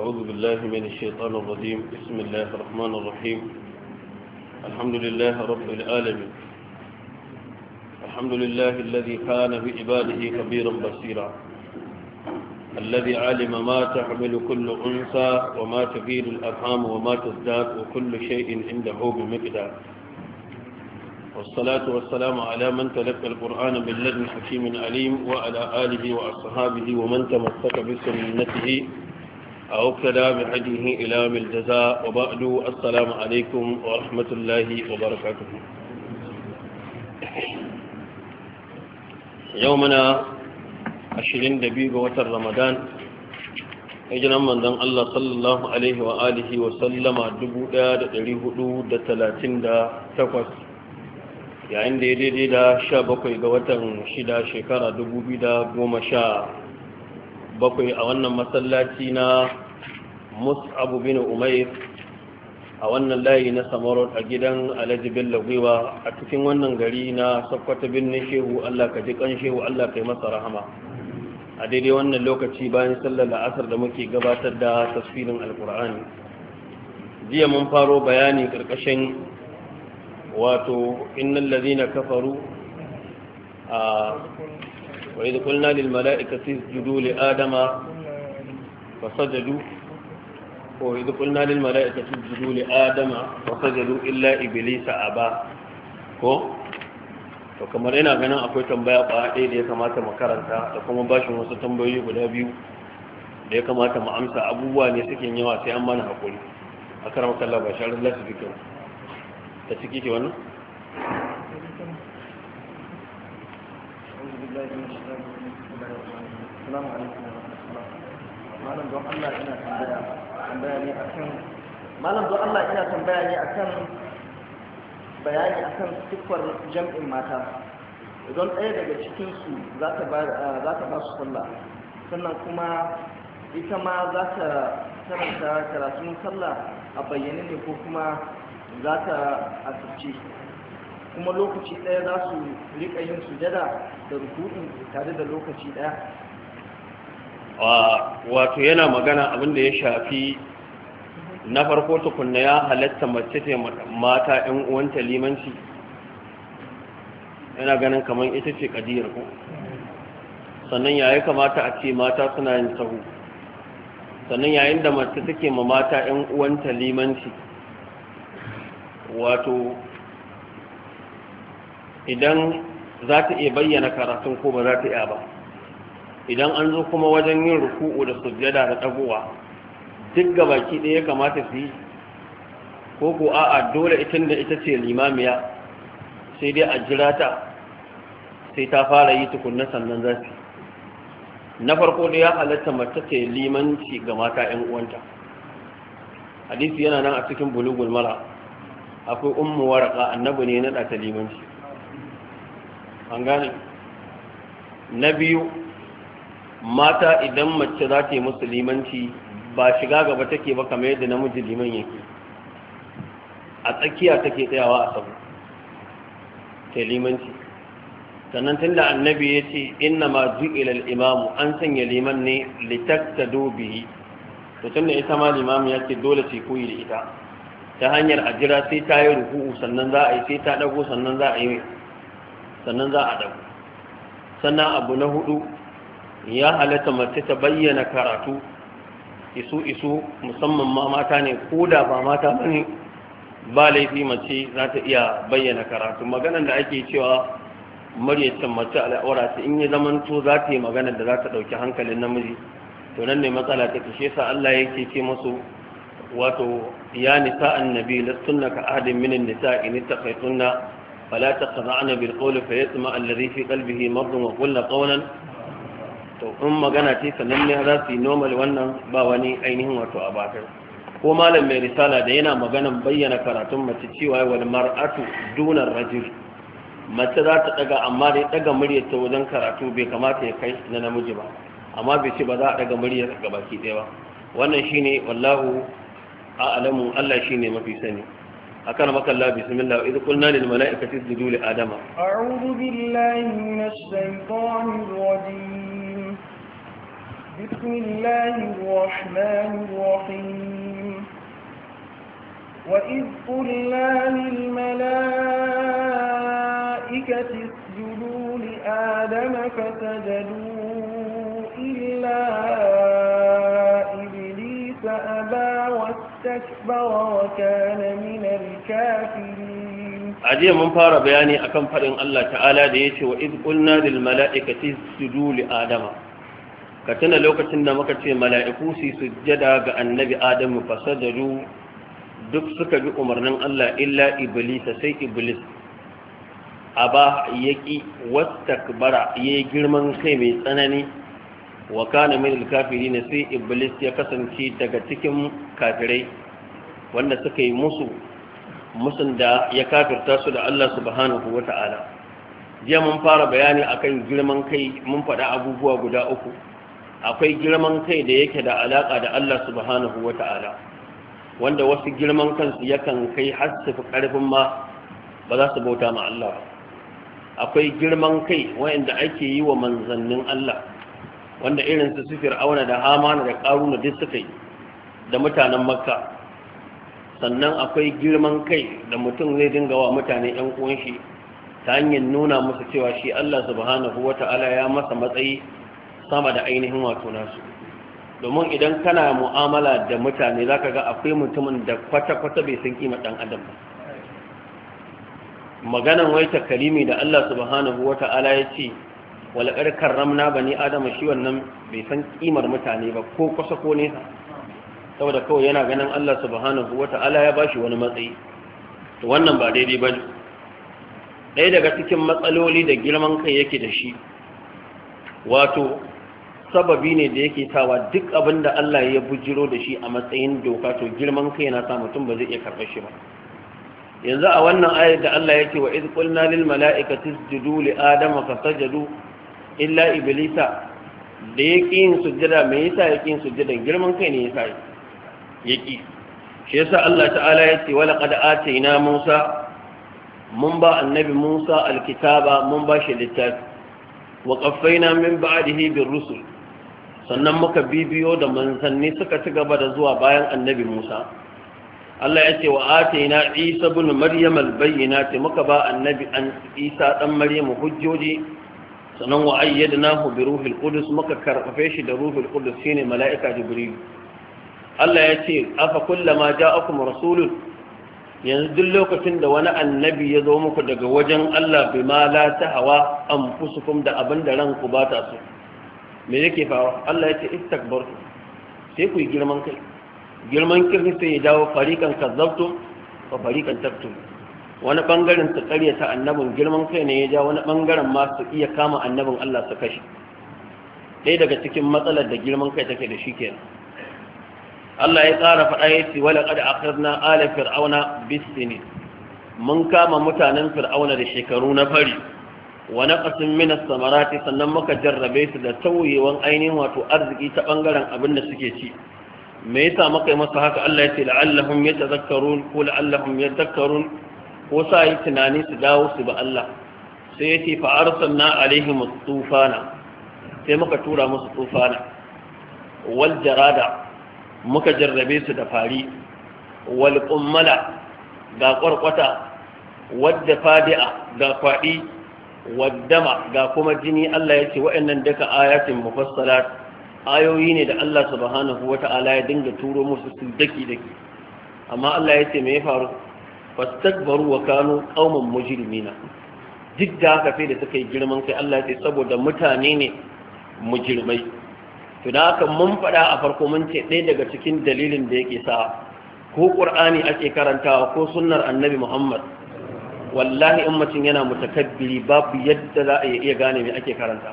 أعوذ بالله من الشيطان الرجيم بسم الله الرحمن الرحيم الحمد لله رب العالمين الحمد لله الذي كان بعباده خبيرا بصيرا الذي علم ما تحمل كل أنثى وما تفيد الأرحام وما تزداد وكل شيء عنده بمقدار والصلاة والسلام على من تلقى القرآن باللجن حكيم عليم وعلى آله وأصحابه ومن تمسك بسنته أو ابتدى بهديه إلى من الجزاء وبعد السلام عليكم ورحمة الله وبركاته يومنا عشرين دبيب وتر رمضان hijiran manzon Allah sallallahu alaihi wa alihi wa sallama 1438 yayin da ya daidai da 17 ga watan 6 shekara sha. bakwai a wannan masallaci na mus'abu bin umair a wannan layi na samarot a gidan alhaji bello gwiwa a cikin wannan gari na sakwata birnin shehu allah ka ji kan shehu allah ka yi masa rahama a daidai wannan lokaci bayan sallar la'asar da muke gabatar da tasfirin alkur'ani jiya mun faro bayani karkashin wato innan lazina kafaru a وإذ قلنا للملائكة اسجدوا لآدم فسجدوا وإذ قلنا للملائكة اسجدوا لآدم فسجدوا إلا إبليس أبا ko to kamar ina ganin akwai tambaya ba ɗaya da ya kamata mu karanta da kuma bashin wasu tambayoyi guda biyu da ya kamata mu amsa abubuwa ne suke yawa sai an mana hakuri a karamar kalla ba shi Allah su fikin ta ciki ke wannan malam don Allah ina tambaya tambaya ne akan malam don Allah ina tambaya bayani akan siffar jam'in mata idan ɗaya daga cikinsu za ta ba su sallah sannan kuma ita ma za ta karanta karatun sallah a bayyane ne ko kuma za ta asirce kuma lokaci ɗaya za su riƙa yin sujada da rukun tare da lokaci ɗaya wato yana magana abin da ya shafi na farko tukunna ya halatta mace ce mata ‘yan uwanta limanci yana ganin kamar ita ce kadiyar ku sannan yayi kamata a ce mata suna yin sahu sannan yayin da mace take ma mata ‘yan uwanta limanci wato idan za ta iya bayyana karatun ko ba za ta iya ba idan an zo kuma wajen yin ruku'u da sujjada da tsaguwa duk gabaki ɗaya ya kamata su yi ko ko a'a dole ita da ita ce limamiya sai dai a jira ta sai ta fara yi tukunna sannan za su na farko da ya halatta mace ce limanci ga mata 'yan uwanta hadisi yana nan a cikin bulugul mara akwai ummu waraka annabi ne na ta limanci an gane na biyu mata idan mace za ta yi limanci ba shiga gaba take ba kamar yadda namiji liman yake a tsakiya take tsayawa a sabu ta limanci sannan tun da annabi ya ce inna ma ju'ila imamu an sanya liman ne litaktadu bihi to tun da ita ma limamu ya ce dole ce, koyi da ita ta hanyar a jira sai ta yi ruku'u sannan za a yi sai ta dago sannan za a yi sannan za a dago sannan abu na hudu ya halatta mace ta bayyana karatu isu isu musamman ma mata ne ko da ba mata ne? ba laifi mace za ta iya bayyana karatu maganar da ake cewa maryacin mace al'aura ta in ya zamanto za ta yi maganar da za ta ɗauki hankalin namiji to nan ne matsala ta kishe sa Allah yake ce musu wato ya nisa annabi lastunna ka ahadin min nisa in taqaytunna fala taqra'na bil qawli fa yatma alladhi fi qalbihi marad wa qulna qawlan to in magana ce sannan ne za su yi normal wannan ba wani ainihin wato a bakar ko malam mai risala da yana maganan bayyana karatun mace cewa wani mar'atu dunar rajir mace za ta daga amma dai daga muryar ta wajen karatu bai kamata ya kai na namiji ba amma bai ce ba za a daga muryar ga baki ɗaya ba wannan shine wallahu a'lamu Allah shine mafi sani أكرمك الله بسم الله إذ قلنا للملائكة اسجدوا لآدم أعوذ بالله من الشيطان الرجيم بسم الله الرحمن الرحيم وإذ قلنا للملائكة اسجدوا لآدم فسجدوا إلا إبليس أبى Sai jiya mun fara bayani a kan faɗin Allah Ta'ala da ya ce wa iskulnadal mala'ikaci su duli, Adama. Ka tuna lokacin da muka ce mala'iku su jada ga Annabi Adamu fasahadu. Duk suka bi umarnin Allah illa Iblisa, sai Iblis. A ba haiyaki, wasu takbara ya yi girman kai mai tsanani. wa kana min ne sai iblis ya kasance daga cikin kafirai wanda suka yi musu musun da ya kafirta su da Allah subhanahu jiya mun fara bayani akan girman kai mun faɗa abubuwa guda uku akwai girman kai da yake da alaƙa da Allah subhanahu wata'ala wanda wasu girman kansu yakan kai har su fi ƙarfin ma ba za su bauta ma Allah akwai girman kai wanda ake yi wa manzannin Allah wanda irin su fir'auna auna da hamana da karuna duk suka yi da mutanen makka sannan akwai girman kai da mutum zai dinga wa mutane yan uwan shi ta hanyar nuna musu cewa shi Allah subhanahu wata'ala ya masa matsayi sama da ainihin wato nasu domin idan kana mu'amala da mutane zaka ga akwai mutumin da kwata-kwata bai san kima dan adam ba maganan wai takalimi da Allah subhanahu ta'ala ya ce walaƙar karramna bani adama shi wannan bai san kimar mutane ba ko kusa ko nesa saboda kawai yana ganin Allah subhanahu Ta'ala ya bashi wani matsayi to wannan ba daidai ba ne ɗaya daga cikin matsaloli da girman kai yake da shi wato sababi ne da yake tawa duk abin da Allah ya bujiro da shi a matsayin doka to girman kai yana sa mutum ba zai iya karɓar shi ba yanzu a wannan ayar da Allah ce wa iz qulna lil mala'ikati isjudu li adama fasajadu illa iblisa da ya ƙi yin sujjada mai yasa ya ƙi yin sujjada girman kai ne yasa ya ƙi shi yasa Allah ta'ala ya ce wala qad atayna Musa mun ba annabi Musa alkitaba mun ba shi littafi wa qaffayna min ba'dihi bir rusul sannan muka bibiyo da manzanni suka ci gaba da zuwa bayan annabi Musa Allah ya ce wa atayna Isa ibn Maryam albayyinati muka ba annabi an Isa dan Maryam hujjoji sannan wa ayyadnahu bi ruhul kudus muka karfafe shi da ruhil kudus shine mala'ika jibril Allah ya ce afa kullama ja'akum rasulun yanzu duk lokacin da wani annabi ya zo muku daga wajen Allah bi ma la tahawa anfusukum da abin da ranku ba ta so me yake faruwa Allah ya ce istakbartu sai ku yi girman kai girman kirki sai ya dawo farikan kazzabtum wa farikan taktum wani bangaren su ta annabin girman kai ne ya ja wani bangaren ma su iya kama annabin Allah su kashe ɗaya daga cikin matsalar da girman kai take da shi kenan Allah ya tsara faɗa ya ce wala na akhadna ala fir'auna bisini mun kama mutanen fir'auna da shekaru na fari wa naqasin min as-samarati sannan muka jarrabe su da tauyewan ainihin wato arziki ta bangaren abin da suke ci me yasa muka yi masa haka Allah ya ce la'allahum yatazakkarun ko la'allahum yadhakkarun ko sa yi tunani su dawo su ba Allah sai ya ce fa'arsan na alaihim tufana sai muka tura musu tufana wal jarada muka jarrabe su da fari wal kummala ga kwarkwata wadda fadi'a ga kwaɗi waddama ga kuma jini Allah ya ce wa'annan duka ayatin mufassalat ayoyi ne da Allah subhanahu ala ya dinga turo musu su daki daki amma Allah ya ce me ya faru fastakbaru wa kanu qauman mujrimina duk da haka sai da suka yi girman kai Allah ya saboda mutane ne mujrimai to da haka mun faɗa a farko mun ce ɗaya daga cikin dalilin da yake sa ko qur'ani ake karantawa ko sunnar annabi Muhammad wallahi in mutum yana mutakabbiri babu yadda za a iya gane me ake karanta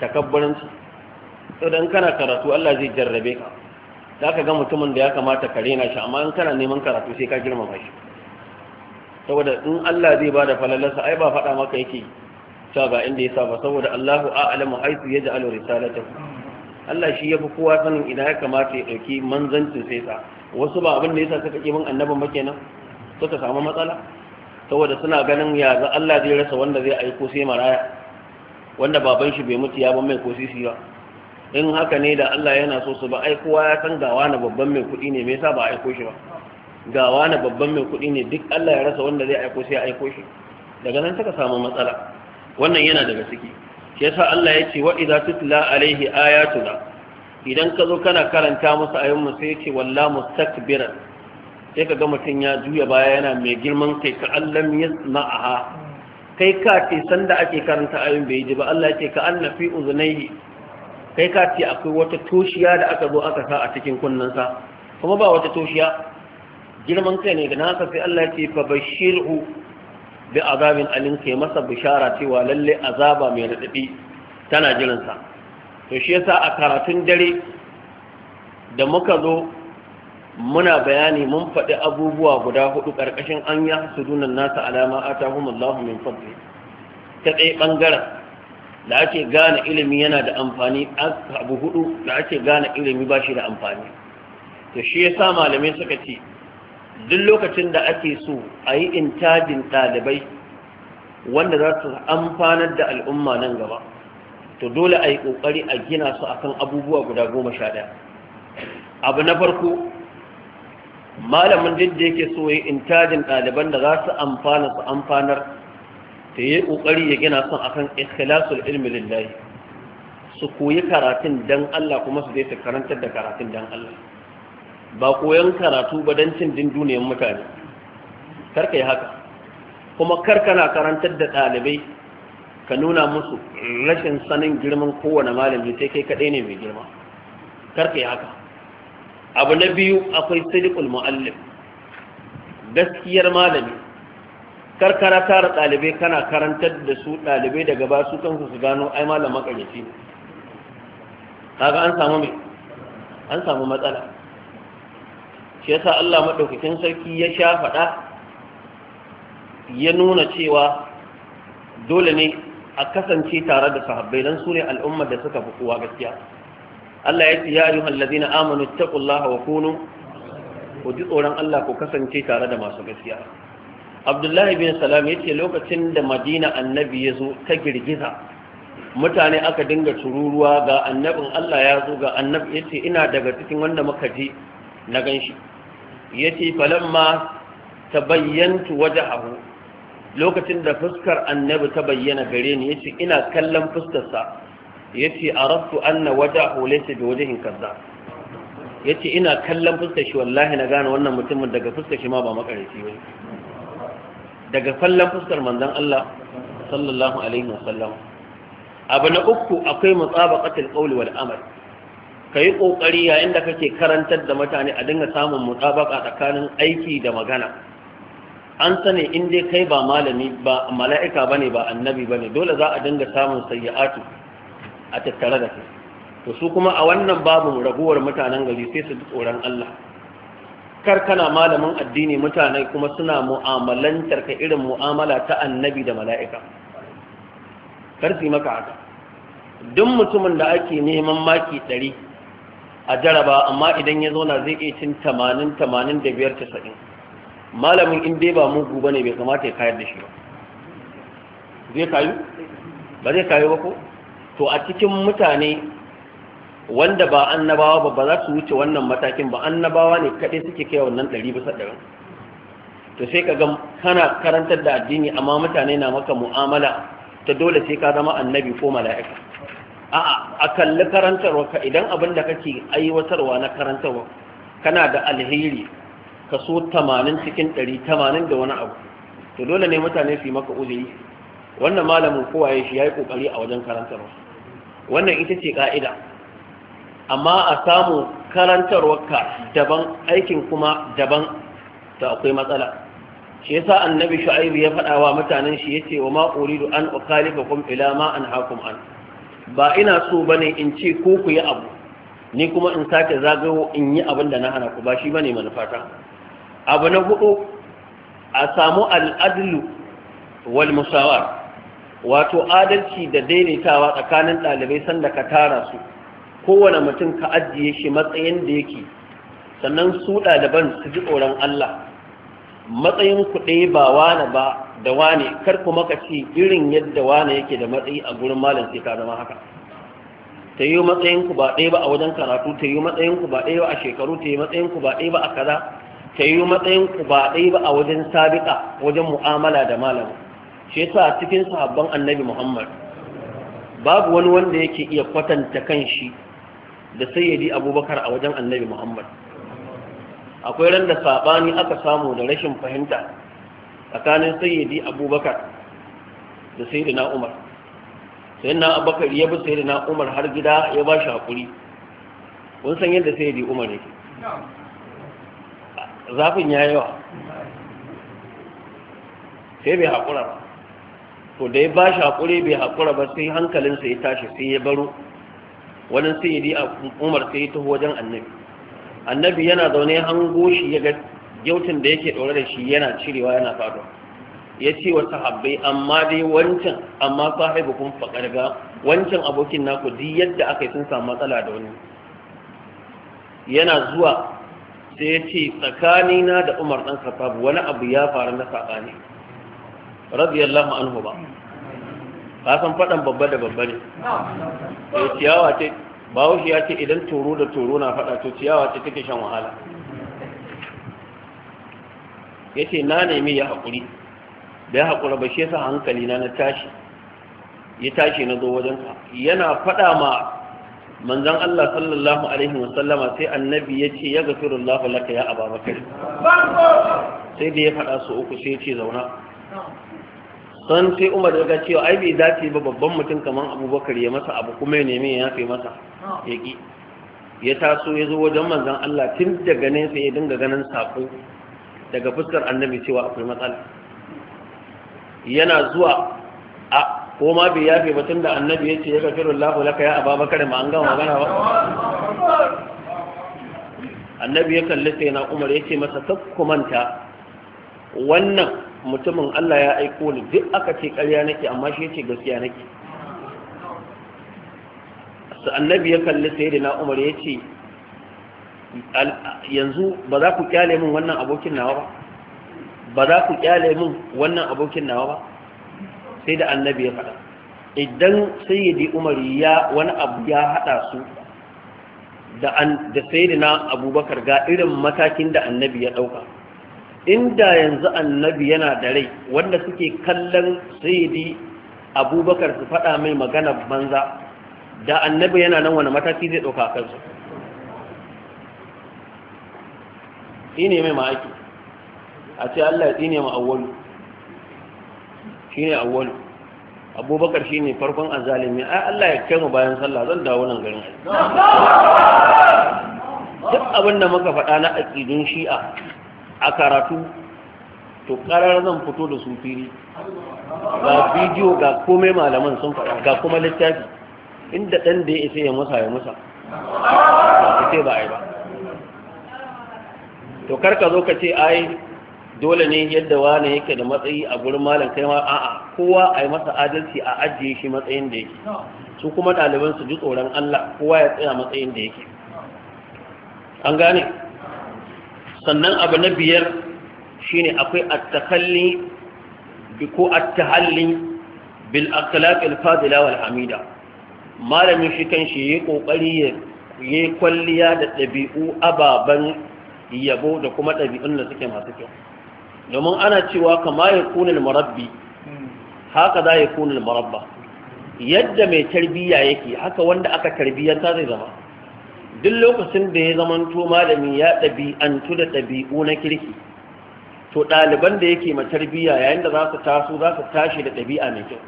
takabburanci to dan kana karatu Allah zai jarrabe ka za ka ga mutumin da ya kamata ka rena shi amma in kana neman karatu sai ka girmama shi saboda in Allah zai bada da falalarsa ai ba faɗa maka yake cewa ga inda ya saba saboda Allahu a'lamu haythu yaj'alu risalatahu Allah shi yafi kowa sanin idan ya kamata ya dauki manzancin sai sa wasu ba abin da yasa suka ki annabin ba kenan suka samu matsala saboda suna ganin ya za Allah zai rasa wanda zai aiko sai maraya wanda baban shi bai mutu ya ba mai ko sisi ba in haka ne da Allah yana so su ba ai kowa ya san gawa na babban mai kuɗi ne me yasa ba aiko shi ba gawa na babban mai kuɗi ne duk Allah ya rasa wanda zai aiko sai ya aiko shi daga nan saka samu matsala wannan yana daga ciki shi yasa Allah ya ce wa idza tutla alaihi ayatuna idan ka zo kana karanta musu mu sai ya ce walla mustakbira sai ka ga mutum ya juya baya yana mai girman kai ka ya yasma'aha kai ka ce sanda ake karanta ayoyin bai ji ba Allah ya ce ka annafi uzunaihi kai ka ce akwai wata toshiya da aka zo aka sa a cikin kunnansa kuma ba wata toshiya girman kai ne na haka sai Allah ya ce fa bashirhu bi azabin alim kai masa bishara cewa lalle azaba mai radadi tana jiransa to shi yasa a karatun dare da muka zo muna bayani mun faɗi abubuwa guda hudu ƙarƙashin an ya sudunan nasa alama atahumullahu min fadli ta ɗaya ɓangaren da ake gane ilimi yana da amfani abu hudu da ake gane ilimi ba shi da amfani to shi yasa malamai suka ce duk lokacin da ake so a yi intajin ɗalibai wanda za su amfanar da al'umma nan gaba to dole a yi ƙoƙari a gina su akan abubuwa guda goma sha ɗaya abu na farko malamin duk da yake so ya yi intajin ɗaliban da za su amfana su amfanar ta yi ƙoƙari ya gina son akan ikhlasul ilmi lillahi su koyi karatun dan Allah kuma su zai ta karantar da karatun dan Allah ba koyon karatu ba don cin din duniyar mutane karka yi haka kuma karka na karantar da ɗalibai ka nuna musu rashin sanin girman kowane malami sai kai kaɗai ne mai girma karka yi haka abu na biyu akwai silikul mu'allim gaskiyar malami karkara tara ɗalibai kana karantar da su ɗalibai daga ba su kansu su gano ai malam makaryaci kaga an samu mai an samu matsala shi yasa Allah madaukakin sarki ya sha faɗa ya nuna cewa dole ne a kasance tare da sahabbai dan su ne al'ummar da suka fi kowa gaskiya Allah ya ce ya ayyuhal ladina amanu taqullaha wa kunu ku ji tsoron Allah ku kasance tare da masu gaskiya abdullahi bin salam ya ce lokacin da madina annabi ya zo ta girgiza mutane aka dinga tururuwa ga annabin allah ya zo ga annabi ya ce ina daga cikin wanda muka je na gan shi ya ce falamma ta bayyantu waje abu lokacin da fuskar annabi ta bayyana gare ni ya ce ina kallon fuskarsa ya ce a rastu anna waje abu laisa da waje kaza ya ce ina kallon fuskar shi wallahi na gane wannan mutumin daga fuskar shi ma ba makarici ba daga kallon fuskar manzon Allah sallallahu alaihi wasallam abu na uku akwai mutabaqatul qawli wal amal kai kokari yayin da kake karantar da mutane a dinga samun mutabaqa tsakanin aiki da magana an sani in dai kai ba malami ba mala'ika bane ba annabi bane dole za a dinga samun sayyi'atu a tattare da kai to su kuma a wannan babu raguwar mutanen gari sai su tsoron Allah kar kana malamin addini mutane kuma suna mu'amalantar ka irin mu'amala ta annabi da mala'ika kar su maka haka duk mutumin da ake neman maki ɗari a jaraba amma idan ya zauna zai iya cin tamanin tamanin da biyar casa'in malamin in dai ba mugu ba ne bai kamata ya kayar da shi ba zai kayu ba zai kayu ba ko to a cikin mutane wanda ba annabawa ba ba za su wuce wannan matakin ba annabawa ne kaɗe suke kai wannan ɗari bisa ɗari to sai ka gan kana karantar da addini amma mutane na maka mu'amala ta dole sai ka zama annabi ko mala'ika a'a a kalli karantarwa ka idan abin da kake aiwatarwa na karantarwa kana da alheri kaso 80 cikin ɗari 80 da wani abu to dole ne mutane su yi maka uzuri wannan malamin kowa ya shi yi kokari a wajen karantarwa wannan ita ce ka'ida amma a samu karantarwarka daban aikin kuma daban ta akwai matsala shi yasa annabi shu'aibu ya faɗa wa mutanen shi yace wa ma uridu an ukhalifakum ila ma anhaakum an ba ina so bane in ce ko ku yi abu ni kuma in sake zagayo in yi abin da na hana ku ba shi bane manufata abu na hudu a samu al'adlu wal musawar wato adalci da daidaitawa tsakanin ɗalibai sanda ka tara su kowane mutum ka ajiye shi matsayin da yake sannan su ɗaliban su ji tsoron Allah matsayin ku ɗaya ba wane ba da wane kar ku maka ci irin yadda wane yake da matsayi a gurin malam sai ka zama haka ta yi matsayin ku ba ɗaya ba a wajen karatu ta yi matsayin ku ba ɗaya ba a shekaru ta yi matsayin ku ba ɗaya ba a kaza ta yi matsayin ku ba ɗaya ba a wajen sabiƙa wajen mu'amala da malam shi yasa cikin sahabban annabi Muhammad babu wani wanda yake iya kwatanta kan shi da sayyidi abubakar a wajen annabi muhammad akwai ran da saɓani aka samu da rashin fahimta tsakanin sayyidi abubakar da sayyidi na umar sai na abubakar ya bi sayyidi na umar har gida ya ba shi haƙuri kun san yadda sayyidi umar ne zafin ya yawa sai bai haƙura ba to da ya ba shi haƙuri bai haƙura ba sai hankalinsa ya tashi sai ya baro wani yi a umar sai taho wajen annabi annabi yana zaune hango shi ya ga gyautin da yake daure da shi yana cirewa yana fado ya ce wa sahabbai amma dai wancan amma sahibu kun fakar ga wancan abokin naku di yadda aka yi sun samu matsala da wani yana zuwa sai ya ce tsakanina da umar ɗan khattab wani abu ya faru na tsakani radiyallahu anhu ba Ba san faɗan babba da babba ne to ciyawa ce bawo ya ce idan toro da toro na faɗa to ciyawa ce take shan wahala yace na nemi ya haƙuri da ya haƙura ba shi yasa hankali na na tashi ya tashi na zo wajen ka yana faɗa ma manzon Allah sallallahu alaihi wasallama sai annabi yace ya gafirullahu laka ya ababakar sai da ya faɗa su uku sai ya ce zauna don sai umar daga cewa ai bai dace ba babban mutum kamar abubakar ya masa abu kuma ya nemi ya yafe masa ya ki ya taso ya zo wajen manzan Allah tun daga nesa ya dinga ganin sako daga fuskar annabi cewa akwai matsala yana zuwa a ko ma bai yafe ba tunda annabi ya ce ya kafi rullahu laka ya ababakar ma an gama magana ba annabi ya kalli sai na umar ya ce masa kakkumanta wannan mutumin Allah ya aiko ni duk aka ce ƙarya nake amma shi yace gaskiya nake sai annabi ya kalli sayyidina Umar ce, yanzu ba za ku kyale min wannan abokin nawa ba ba za ku kyale min wannan abokin nawa ba sai da annabi ya faɗa idan sayyidi Umar ya wani abu ya hada su da da sayyidina Abubakar ga irin matakin da annabi ya dauka inda yanzu annabi yana da rai wanda suke kallon sayyidi abubakar su faɗa mai magana banza da annabi yana nan wani mataki zai ɗauka kansu ne mai ma'aiki a ce allah ya tsine ma awwalu shi ne awwalu abubakar shi ne farkon azalimi ai allah ya kai mu bayan sallah zan dawo nan garin duk abin da muka faɗa na aƙidun shi'a a karatu to karar zan fito da su fili ga bidiyo ga komai malaman sun faɗa ga kuma littafi inda ɗan da ya isa ya musa ya musa ba ce ba a yi ba to kar ka zo ka ce ai dole ne yadda wani yake da matsayi a gurin malam kai ma a'a kowa a yi masa adalci a ajiye shi matsayin da yake su kuma ɗaliban su ji tsoron Allah kowa ya tsaya matsayin da yake an gane sannan abu na biyar shine akwai attakalli bi ko at bil akhlaq fadila malamin shi kan shi yi ƙoƙari ya yi kwalliya da ɗabi'u ababen yabo da kuma ɗabi'un da suke masu kyau domin ana cewa kama ya kunin marabbi haka za ya kunin marabba yadda mai tarbiyya yake haka wanda aka tarbiyyanta zai zama duk lokacin da ya zamanto malami ya ɗabi'antu da ɗabi'u na kirki to ɗaliban da yake tarbiya yayin da za su taso za su tashi da ɗabi'a mai kyau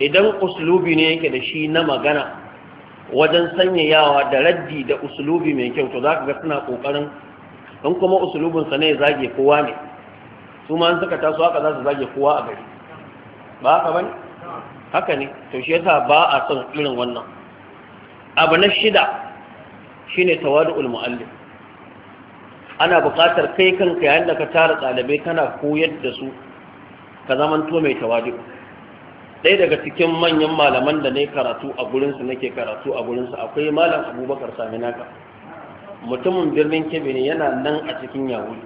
idan uslubi ne yake da shi na magana wajen sanya yawa da raddi da uslubi mai kyau to za ka ga suna ƙoƙarin in kuma usulubinsa ne zage kowa ne su ma suka taso haka za su zage kowa a gari ba haka ba ne haka ne to shi yasa ba a son irin wannan abu na shida Shi ne tawadu'ul mu'allim ana buƙatar kai kanka yayin da ka tara ɗalibai kana koyar da su ka zamanto mai tawadu ɗaya daga cikin manyan malaman da na yi karatu a gurinsu nake karatu a gurinsu akwai malam abubakar saminaka mutumin birnin kebe ne yana nan a cikin yahudi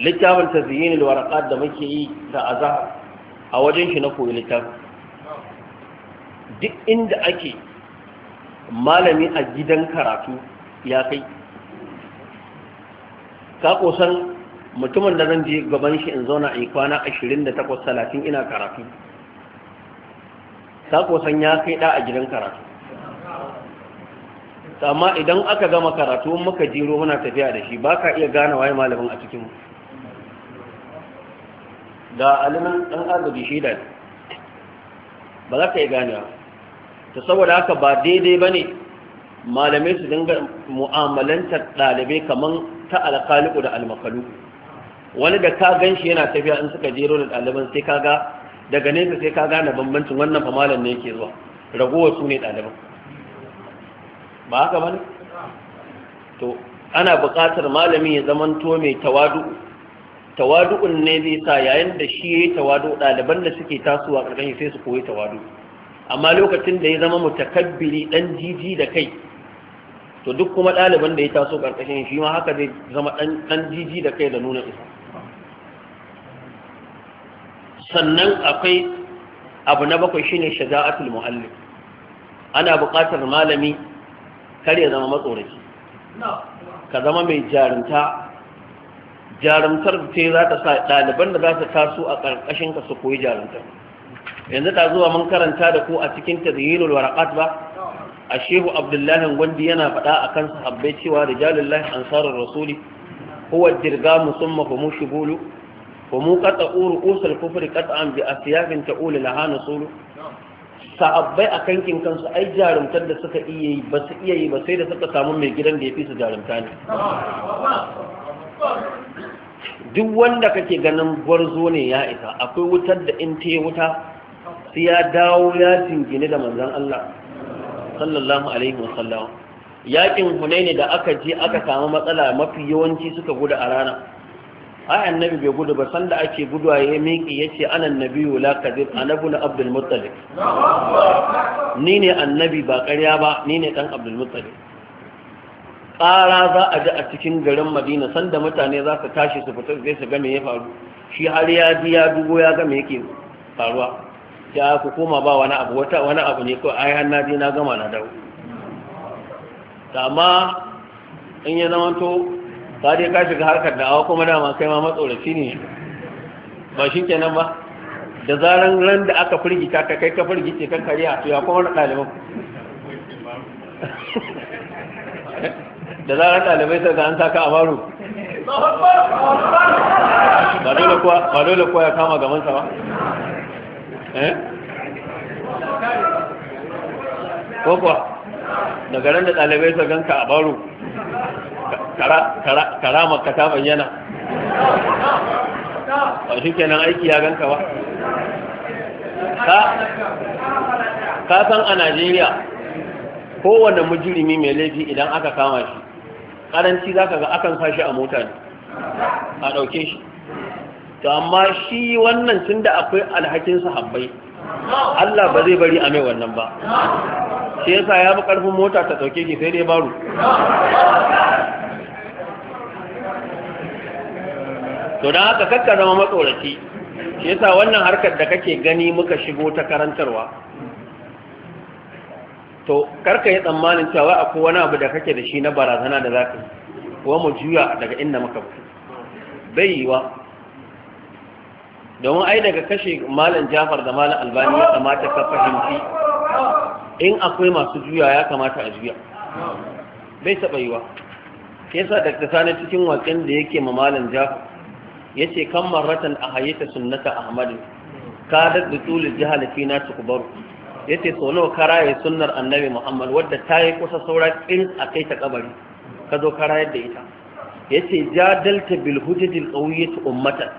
littafin ta ziyini waraqat da muke yi da azahar a wajen shi na koyi littafin duk inda ake malami a gidan karatu ya kai ka kosan mutumin da zan je gaban shi in zauna a yi kwana 28 talatin ina karatu ka kosan ya kai da a gidan karatu amma idan aka gama karatu muka jiro muna tafiya da shi ba ka iya gane waye malamin a cikin ga alimin dan arziki shi ne ba za ka iya ganewa ta saboda haka ba daidai ba ne malamai su dinga mu'amalantar ɗalibai kamar ta alkaliku da almakalu wani da ka gan shi yana tafiya in suka jero da ɗaliban sai kaga daga nesa sai ka gane bambancin wannan fa malam ne yake zuwa ragowar su ne ɗaliban ba haka ba ne to ana buƙatar malami ya zaman to mai tawadu tawadu'un ne zai sa yayin da shi ya yi tawadu ɗaliban da suke tasowa ƙarƙashin sai su koyi tawadu amma lokacin da ya zama mutakabbiri dan jiji da kai to duk kuma ɗaliban da ya taso ƙarƙashin shi ma haka zai zama ɗan jiji da kai da nuna isa sannan akwai abu na bakwai shine shaja'atul muallim ana buƙatar malami kar ya zama matsoraki. ka zama mai jarumta jarumtar ce za ta sa ɗaliban da za su taso a ƙarƙashinka su koyi jarumtar yanzu ta zuwa mun karanta da ku a cikin tazhilul waraqat ba a shehu abdullahi gwandi yana faɗa a kan sahabbai cewa rijalullahi ansarar rasuli huwa dirga musamma fa mu fa mu qata uru usul kufri qat'an bi asyafin ta'ul laha nasulu sahabbai a kankin kansu ai jarumtar da suka iya yi ba su iya yi ba sai da suka samu mai gidan da ya fi su jarumta ne duk wanda kake ganin gwarzo ne ya isa akwai wutar da in ta yi wuta sai ya dawo ya jingine da manzan Allah sallallahu alaihi wasallam yakin hunaini da aka je aka samu matsala mafi yawanci suka gudu a rana ai annabi bai gudu ba sanda ake guduwa ya miki yace ana nabiyyu la kadhib anabu na abdul muttalib ni ne annabi ba ƙarya ba ni ne dan abdul muttalib ƙara za a ji a cikin garin madina sanda mutane za su tashi su fita su ga me ya faru shi har ya ji ya dubo ya ga me yake faruwa ya ku koma ba wani abu wata wani abu ne ko ai har na je na gama na dawo amma in ya zamanto ka dai ka shiga harkar da'awa kuma dama kai ma matsoraci ne ba shi kenan ba da zaran ran da aka firgita ka kai ka firgita kan kariya to ya kuma ɗaliban da zaran ɗalibai sai ga an saka a baro ba dole kuwa ya kama gamansa ba Eh? ko kuwa daga ran da ɗalibai su ganka a baro kara maka ta bayyana a shi kenan aiki ya ganka ba ka san a najeriya kowane mujirimi mai laifi idan aka kama shi karanci za ka ga akan fashi a mota ne a ɗauke shi to amma shi wannan tun da akwai alhakin sahabbai Allah ba zai bari a mai wannan ba shi yasa ya fi karfin mota ta dauke ki sai dai baro to don haka kakka zama matsoraci shi yasa wannan harkar da kake gani muka shigo ta karantarwa to karka yi tsammanin cewa akwai wani abu da kake da shi na barazana da zaka yi ko mu juya daga inda muka fito bai wa. domin ai daga kashe malam jafar da malam albani ya kamata ka fahimci in akwai masu juya ya kamata a juya bai taɓa yiwa sa da ta sani cikin waƙen da yake ma malam jafar ya ce kan maratan a hayyata sunnata ahmadu ka dadda tulil jihar fina su tukubaru ya ce sau nawa ka raya sunnar annabi muhammad wadda ta yi kusa saura in a kai ta kabari ka zo ka da ita ya ce jadalta dalta hujjajil ƙauye ta ummatan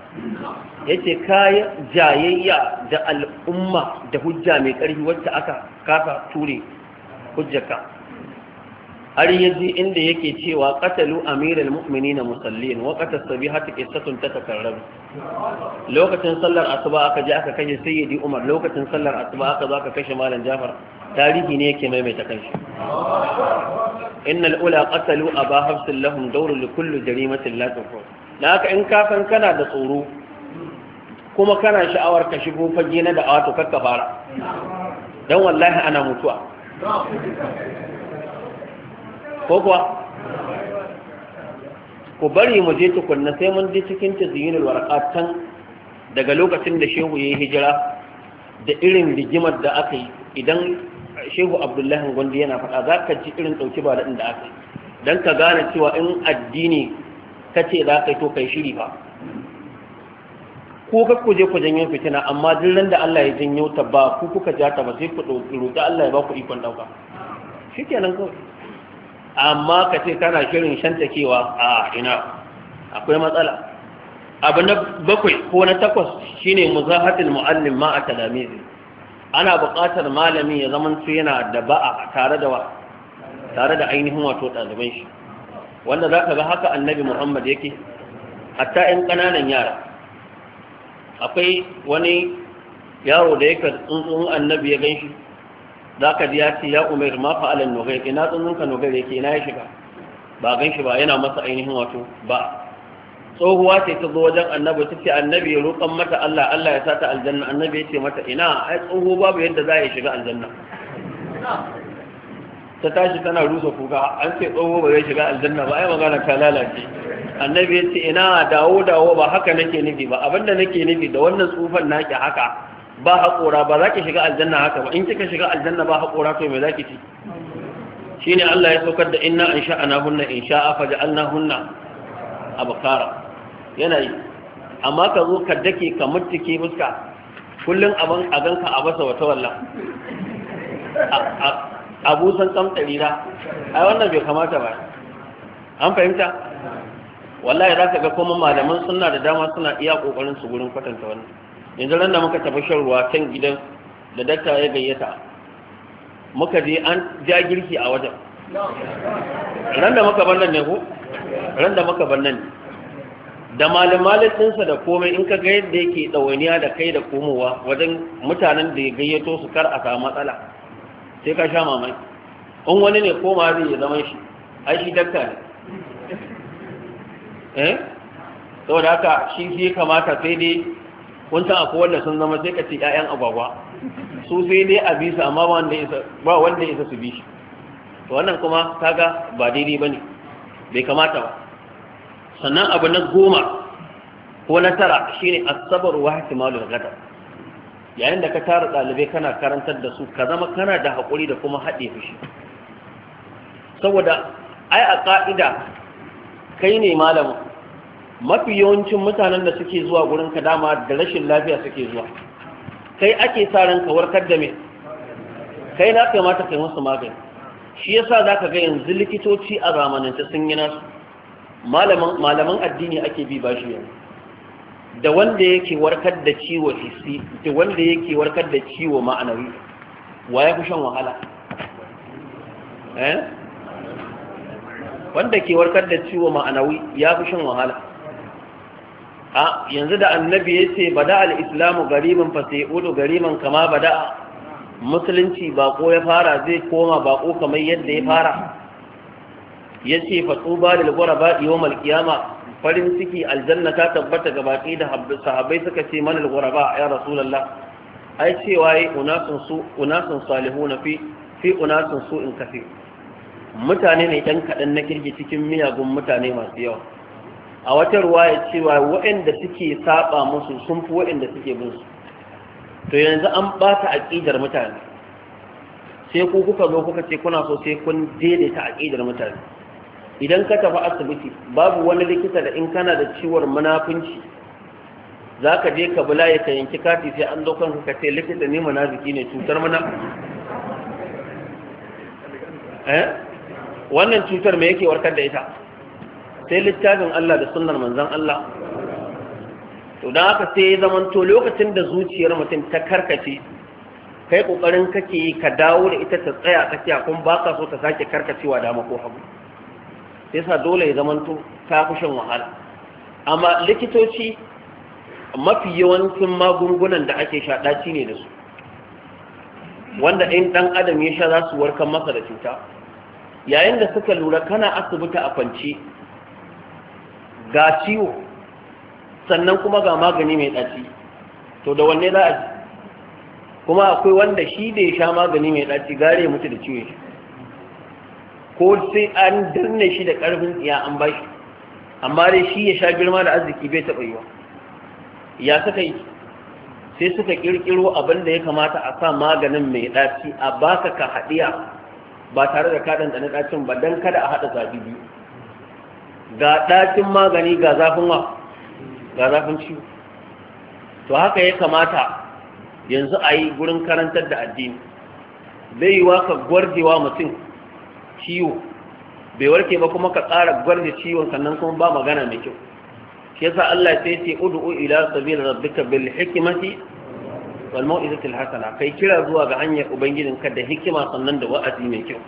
yace kayi jayayya da al'umma da hujja mai ƙarfi wacce aka kafa ture hujjaka har yaji inda yake cewa qatalu amiral mu'minina musallin wa qatas sabihatu qissatun tatakarrabu lokacin sallar asuba aka je aka kashe sayyidi umar lokacin sallar asuba aka zo aka kashe malam jafar tarihi ne yake maimaita kanshi innal ula qatalu aba hafsin lahum dawrun li kulli jarimatin la tuqur dan haka in ka san kana da tsoro kuma kana sha'awar ka shigo fage na da'awa to kakka fara dan wallahi ana mutuwa ko kuwa ku bari mu je tukunna sai mun je cikin tazyinul warqatan daga lokacin da shehu yayi hijira da irin rigimar da aka yi idan shehu abdullahi gwandi yana faɗa za ka ji irin ɗauki ba da aka yi don ka gane cewa in addini ka ce za ka yi to kai shiri ba ko ka ku je ku janyo fitina amma duk nan da Allah ya janyo ta ba ku kuka ja ta ba sai ku roƙi Allah ya ba ku ikon dauka shikenan kawai amma ka ce kana shirin shanta shantakewa a ina akwai matsala abu na bakwai ko na takwas shine muzahatul muallim ma a talamizi ana buƙatar malami ya zama yana da ba'a tare da wa tare da ainihin wato ɗaliban shi wanda za ka ga haka annabi muhammad yake hatta 'yan ƙananan yara akwai wani yaro da yake tsuntsun annabi ya ganshi za ka ji ya ce ya umar ma fa'alan nugair ina tsuntsunka nugair yake ina ya shiga ba ganshi ba yana masa ainihin wato ba tsohuwa ce ta zo wajen annabi ta ce annabi ya roƙon mata Allah Allah ya sata aljanna annabi ya ce mata ina ai tsoho babu yadda za ya shiga aljanna ta tashi tana rusa kuka an ce tsoho ba zai shiga aljanna ba ai magana ta lalace annabi ya ce ina dawo dawo ba haka nake nufi ba abinda nake nufi da wannan tsufan naki haka ba haƙora ba za ki shiga aljanna haka ba in kika shiga aljanna ba haƙora to me za ki ci shine Allah ya saukar da inna an sha'ana hunna in sha'a faja'alna hunna abkara yana yi amma ka zo ka dake ka mutuke fuska kullum abin a ganka a basa wata wallan abusan kamtsari na ai wannan bai kamata ba an fahimta wallahi za ka ga kuma malaman suna da dama suna iya kokarin su gurin kwatanta wannan yanzu ran da muka tafi shan ruwa kan gidan da dakta ya gayyata muka je an ja girki a wajen ran da muka ban nan ne ko ran da muka ban nan ne da malamalin ɗinsa da komai in ka ga yadda yake ɗawainiya da kai da komowa wajen mutanen da ya gayyato su kar a samu matsala sai ka sha mamaki in wani ne koma zai ya zama shi ai shi dakta ne eh saboda haka shi shi kamata sai dai kun san akwai wanda sun zama sai ka ce ƴaƴan agwagwa su sai dai a bi su amma ba wanda isa ba wanda isa su bi shi to wannan kuma kaga ba daidai bane bai kamata ba sannan abu na goma ko na tara shine asabar wa ihtimalul ghadab yayin da ka tara ɗalibai kana karantar da su ka zama kana da haƙuri da kuma haɗe fushi saboda ai a ƙa'ida kai ne malam mafi yawancin mutanen da suke zuwa gurin ka dama da rashin lafiya suke zuwa kai ake sa ran ka warkar da me kai na kamata kai musu magani shi yasa zaka ga yanzu likitoci a zamanance sun yi nasu malaman addini ake bi bashi yanzu da wanda yake warkar da ciwo hissi da wanda yake warkar da ciwo ma'anawi wa ya fi shan wahala eh wanda ke warkar da ciwo ma'anawi ya fi shan wahala a yanzu da annabi ya ce bada al-islamu gariman fasai udu gariman kama bada musulunci bako ya fara zai koma bako kamar yadda ya fara ya ce fatsu ba da lagwara ba al malkiyama farin ciki aljanna ta tabbata ga baki da sahabbai suka ce man al-ghuraba ya rasulullah ai cewa yi unasun su unasun salihun fi fi unasun su in kafi mutane ne ɗan kaɗan na kirki cikin miyagun mutane masu yawa a wata ruwaya cewa waɗanda suke saba musu sun fi waɗanda suke bin su to yanzu an bata aqidar mutane sai ku kuka zo kuka ce kuna so sai kun daidaita aqidar mutane idan ka tafi asibiti babu wani likita da in kana da ciwon munafunci za ka je ka bula ya ka yanki kati sai an zokan ka ce likita ne munafiki ne cutar mana eh? wannan cutar mai yake warkar da ita sai littafin Allah da sunnar manzon Allah to don haka sai zama to lokacin da zuciyar mutum ta karkace kai kokarin kake ka dawo da ita ta tsaya tsakiya kuma ba ka so ta sake karkacewa dama ko hagu sai sa dole ya zamanto ta kushin shan wahala amma likitoci mafi yawancin magungunan da ake sha ɗaci ne da su wanda in ɗan adam ya sha za su warkar masa da cuta yayin da suka lura kana asibiti a kwance ga ciwo sannan kuma ga magani mai ɗaci to da wanne za a kuma akwai wanda shi da ya sha magani mai ɗaci gare mutu da ciwo shi ko sai an danne shi da ƙarfin tsiya an ba shi amma dai shi ya sha girma da arziki bai taɓa yi wa. ya suka yi sai suka ƙirƙiro abin da ya kamata a sa maganin mai ɗaci a baka ka haɗiya ba tare da kaɗan na ɗacin ba don kada a haɗa zafi biyu ga ɗacin magani ga zafin wa ga zafin ciwo to haka ya kamata yanzu a yi gurin karantar da addini bai yi wa ka gwarjewa mutum ciwo bai warke ba kuma ka ƙara gwarje ciwon sannan kuma ba magana mai kyau shi yasa Allah sai ce ud'u ila sabil rabbika bil hikmati wal mau'izatil hasana kai kira zuwa ga hanyar ubangijinka da hikima sannan da wa'azi mai kyau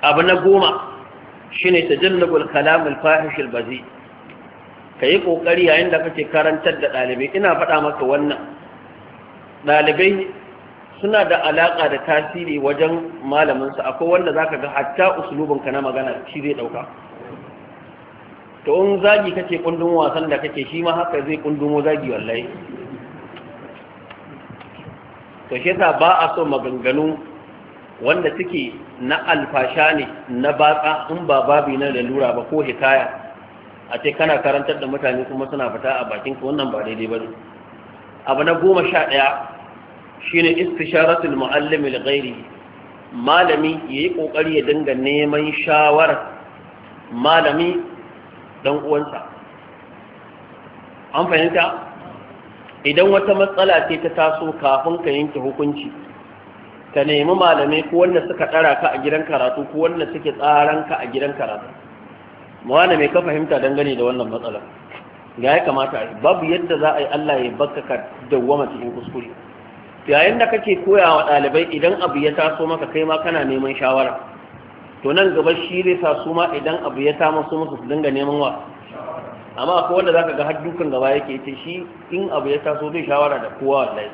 abu na goma shine tajallabul kalam al fahish al bazi kai kokari yayin da kake karantar da dalibai ina faɗa maka wannan dalibai suna da alaƙa da tasiri wajen malaminsa akwai wanda za ka ga hatta usulubinka na magana shi zai ɗauka to in zagi kake kundin wasan da kake shi ma haka zai kundumo zagi wallahi to shi yasa ba a so maganganu wanda suke na alfasha ne na batsa in ba babi na lalura ba ko hikaya a ce kana karantar da mutane kuma suna fita a bakin ka wannan ba daidai ba ne abu na goma sha ɗaya shine istisharatul muallimi li ghairihi malami yayi kokari ya dinga neman shawara malami dan uwansa an fahimta idan wata matsala ce ta taso kafin ka yanke hukunci ka nemi malamai ko wanda suka tsara ka a gidan karatu ko wanda suke tsaran ka a gidan karatu mawana mai ka fahimta dangane da wannan matsala ga ya kamata babu yadda za a yi Allah ya baka ka dawwama cikin kuskure yayin da kake koya wa ɗalibai idan abu ya taso maka kai ma kana neman shawara to nan gaba shi zai sa su ma idan abu ya ta masu musu su dinga neman wa amma akwai wanda zaka ga har dukan gaba yake ce shi in abu ya taso zai shawara da kowa wallahi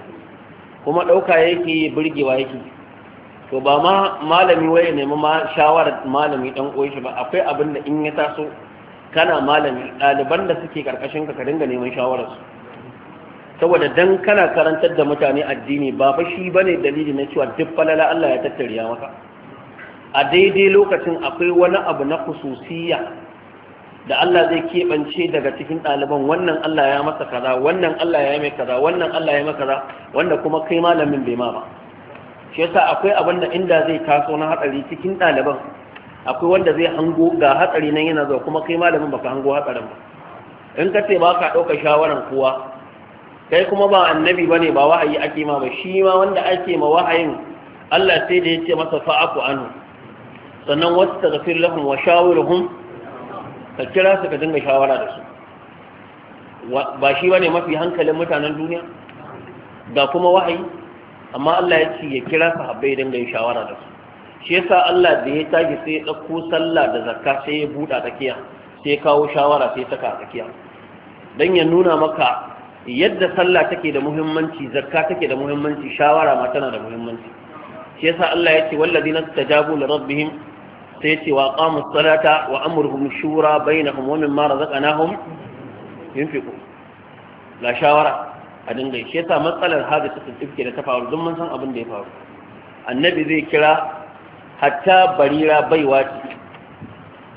kuma ɗauka yake burgewa yake to ba ma malami waye nemi ma shawarar malami dan koyi shi ba akwai abin da in ya taso kana malami ɗaliban da suke karkashin ka ka dinga neman shawararsu saboda dan kana karantar da mutane addini ba fa shi bane dalili na cewa duk falala Allah ya tattariya maka a daidai lokacin akwai wani abu na khususiya da Allah zai keɓance daga cikin ɗaliban wannan Allah ya masa kaza wannan Allah ya mai kaza wannan Allah ya mai kaza wanda kuma kai malamin bai ma ba shi yasa akwai abin da inda zai taso na hatsari cikin ɗaliban akwai wanda zai hango ga hatsari nan yana zuwa kuma kai malamin baka hango hatsarin ba in ka ce ba ka ɗauka shawaran kowa kai kuma ba annabi bane ba wahayi ake ma ba shi ma wanda ake ma wahayin Allah sai da yace masa fa'aku anu sannan wastaghfir lahum wa shawirhum ka kira su ka dinga shawara da su ba shi bane mafi hankalin mutanen duniya ga kuma wahayi amma Allah ya ce ya kira su habbai dinga yin shawara da su shi yasa Allah da ya tashi sai ya dauko sallah da zakka sai ya buɗa tsakiya sai ya kawo shawara sai ya saka a tsakiya dan ya nuna maka yadda sallah take da muhimmanci zakka take da muhimmanci shawara ma tana da muhimmanci shi yasa Allah ya ce wallazina tajabu li rabbihim sai yace wa qamu salata wa amruhum shura bainahum wa mimma razaqnahum yunfiqu la shawara a dinga shi yasa matsalar hadisatul ifki da ta faru duk mun san abin da ya faru annabi zai kira hatta barira baiwa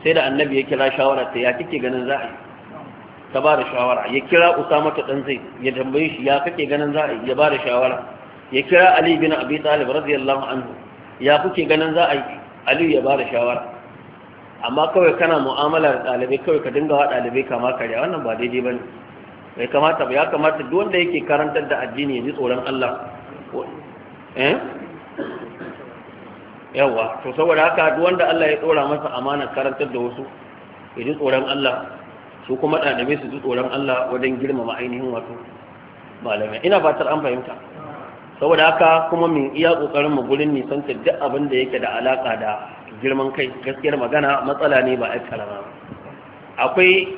sai da annabi ya kira shawara ta ya kike ganin za a yi ta ba da shawara ya kira usama ta dan zai ya tambaye shi ya kake ganin za a ya ba da shawara ya kira ali bin abi talib radiyallahu anhu ya kuke ganin za a yi ali ya ba da shawara amma kawai kana mu'amala da ɗalibai kawai ka dinga wa ɗalibai kama kare wannan ba daidai bane bai kamata ba ya kamata duk wanda yake karantar da addini ya ji tsoron Allah eh yawa to saboda haka duk wanda Allah ya tsora masa amana karantar da wasu ya ji tsoron Allah su kuma ɗalibai su ji tsoron Allah wajen girmama ainihin wato malamai ina fatar an fahimta saboda haka kuma min iya kokarin mu gurin nisantar duk abin da yake da alaka da girman kai gaskiyar magana matsala ne ba a kalama akwai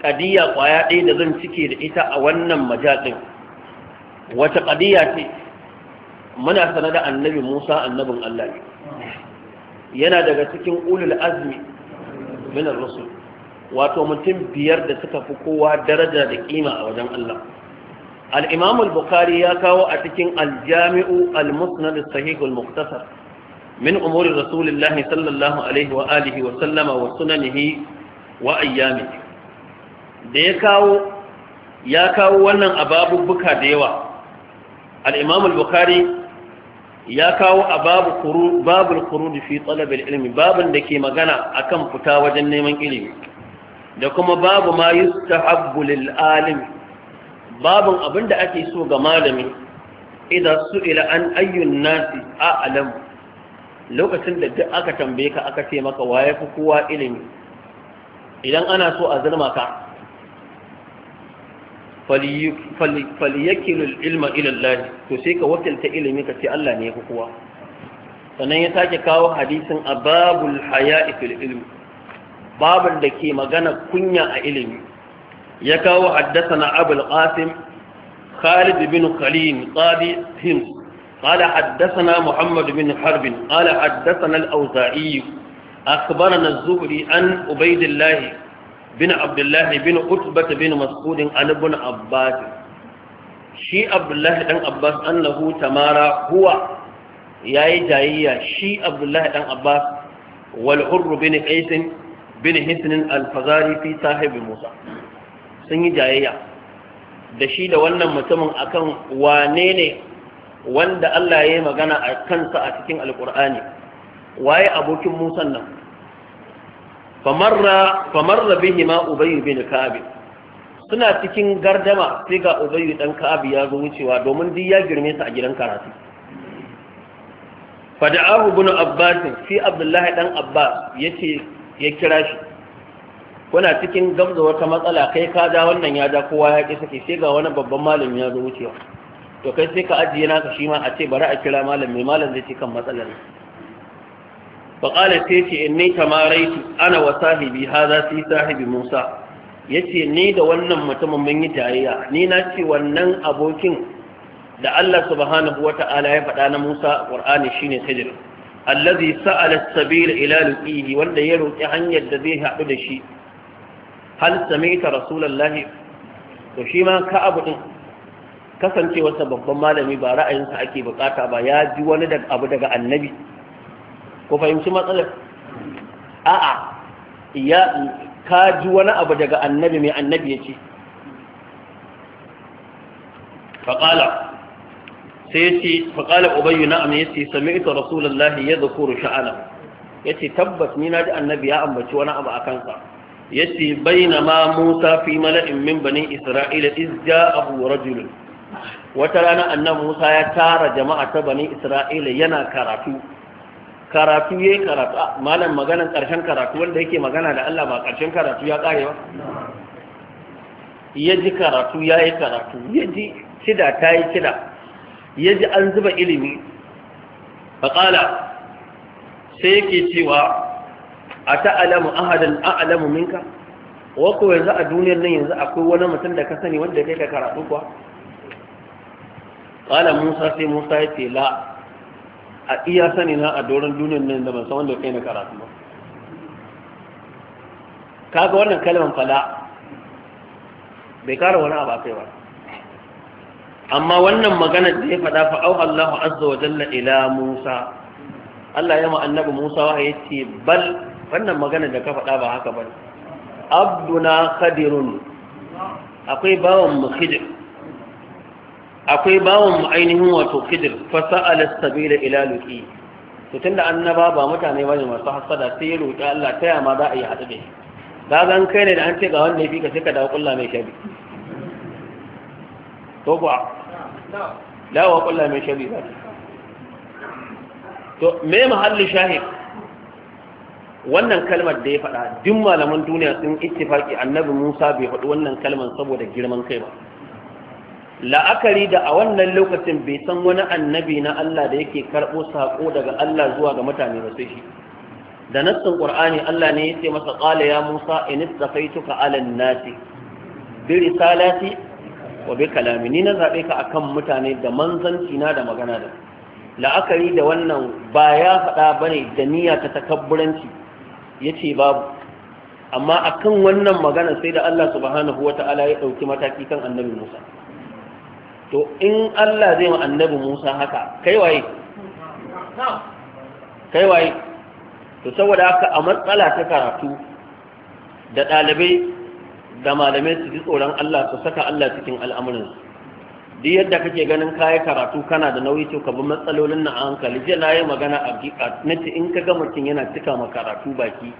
kadiya kwaya ɗaya da zan cike da ita a wannan majalin wata kadiya ce muna sana da annabi Musa annabin Allah ne yana daga cikin ulul azmi min ar-rusul wato mutum biyar da suka fi kowa daraja da kima a wajen Allah al-imam al-bukhari ya kawo a cikin al-jami'u al-musnad as-sahih al-mukhtasar min umuri rasulillah sallallahu alaihi wa alihi wa sallama wa sunanihi wa ayyamihi da ya kawo ya kawo wannan ababubbuka da yawa al-imam al-bukhari ya kawo a babu babul khurud fi talab al-ilmi babin da ke magana akan fita wajen neman ilimi da kuma babu ma yustahabbu lil alim abin da ake so ga malami idan su ila an ayyun nasi a'lam lokacin da duk aka tambaye ka aka ce maka waye fi kowa ilimi idan ana so a zirma ka faliyakilu ilma ilallahi to sai ka wakilta ilimi ka ce Allah ne ya fi kowa sannan ya sake kawo hadisin a babul fil ilmi babin da ke magana kunya a ilimi ya kawo haddasana abul qasim khalid bin khalil qadi hims قال حدثنا محمد بن حرب قال حدثنا الأوزائي أخبرنا الزهري عن عبيد الله بن عبد الله بن عتبة بن مسعود عن ابن عباس شي عبد الله بن عباس أنه تمارى هو ياي جاية شي عبد الله بن عباس والحر بن قيس bin hisnin alfazari fi sahibi musa sun yi jayayya da shi da wannan mutumin akan wane ne wanda Allah ya yi magana a kansa a cikin alkur'ani waye abokin musan nan famarra bihi ma ubayu bin kabi suna cikin gardama sai ga ubayyu dan kabi ya zo wucewa domin duk ya girme su a gidan karatu fada'ahu bin abbasin fi Abdullahi dan abbas yace ya kira shi kuna cikin gamza wata matsala kai ka ja wannan ya ja kowa ya ƙi sake sai ga wani babban malami ya zo wucewa to kai sai ka ajiye naka shi ma a ce bari a kira malam mai malam zai ce kan matsalar fa qala sai ce inni tamaraitu ana wa sahibi hadha si sahibi musa yace ni da wannan mutumin mun yi tarayya ni na ce wannan abokin da Allah subhanahu wata'ala ya faɗa na Musa a Qur'ani shine Khidir allazi sa'ala as-sabila ila luqihi wanda ya roki hanyar da zai haɗu da shi hal samaita rasulullahi to shi ma ka'abu din kasancewarsa babban malami ba ra'ayinsa ake bukata ba ya ji wani abu daga annabi ko fahimci matsalar a'a ya ka ji wani abu daga annabi mai annabi ya ce faƙala sai Ya ce fa qala ubayyu na'am yace sami'tu rasulullahi yadhkuru sha'ana ce tabbas ni na ji annabi ya ambaci wani abu ce bai na ma Musa fi mala'in min bani Isra'ila iz abu rajulun wata rana annan Musa ya tara jama'a ta bani Isra'ila yana karatu karatu ya yi karatu ah, malam maganan ƙarshen karatu wanda yake magana da Allah ba ƙarshen karatu ya ƙare ba ya ji karatu ya yi karatu ya ji cida ta yi cida ya ji an zuba ilimi faƙala sai yake cewa a ta'alamu ahadan a'alamu minka wako yanzu a duniyar nan yanzu akwai wani mutum da ka sani wanda kai ka karatu kuwa ƙala musa sai musa ya ce la a iya sani na a doron duniyar nan da ban san wanda kai na karatu ba kaga wannan kalmar fala bai kara wani abu a kai ba amma wannan maganar da ya faɗa fa au Allahu azza wa jalla ila Musa Allah ya ma annabi Musa wa ce bal wannan magana da ka faɗa ba haka bane abduna qadirun akwai bawan mu khidir akwai bawan mu ainihin wato khidir fa sa'ala sabila ila luqi to tunda annaba ba mutane bane masu hasada sai ya roƙi Allah ta ma za a yi hadu da shi kaga an kai ne da an ce ga wanda ya fi ka sai ka dawo kulla mai shabi to ba la wa kullu min sharri to me mahallu shahid wannan kalmar da ya faɗa duk malaman duniya sun ittifaki annabi Musa bai faɗi wannan kalmar saboda girman kai ba la'akari da a wannan lokacin bai san wani annabi na Allah da yake karɓo sako daga Allah zuwa ga mutane ba sai shi da nassin Qur'ani Allah ne ya ce masa qala ya Musa in alan 'ala nasi bi risalati wa bi kalami ni na zaɓe ka akan mutane da manzanci na da magana da la'akari da wannan ba ya faɗa bane da niyya ta takabburanci yace babu amma akan wannan magana sai da Allah subhanahu wata'ala ya ɗauki mataki kan annabi Musa to in Allah zai wa annabi Musa haka kai waye kai waye to saboda haka a matsala ta karatu da ɗalibai da malamai su ji tsoron Allah su saka Allah cikin al'amuran duk yadda kake ganin kayi karatu kana da nauyi to ka bi matsalolin na hankali jiya na yi magana a nace in ka ga mutum yana cika ma karatu baki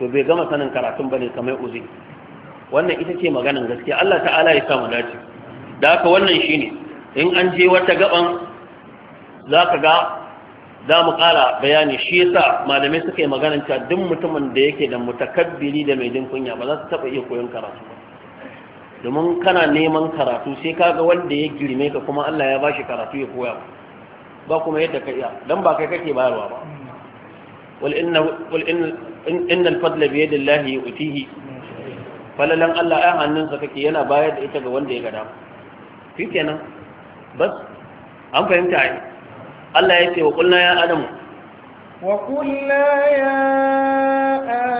to bai gama sanin karatun bane kamar uzi wannan ita ce maganan gaskiya Allah ta'ala ya sa mu dace da haka wannan shine in an je wata gaban za ka ga za mu ƙara bayani shi yasa malamai suka yi maganin cewa duk mutumin da yake da mutakabbiri da mai jin kunya ba za su taɓa iya koyon karatu ba domin kana neman karatu sai ka ga wanda ya girme ka kuma Allah ya bashi karatu ya koya ba kuma yadda ka iya dan ba kai kake bayarwa ba wal inna wal inna al fadla bi yadi Allah yu'tihi falalan Allah ai hannunsa kake yana bayar da ita ga wanda ya gada shikenan bas an fahimta ai الله يتي وقلنا يا آدم وقلنا يا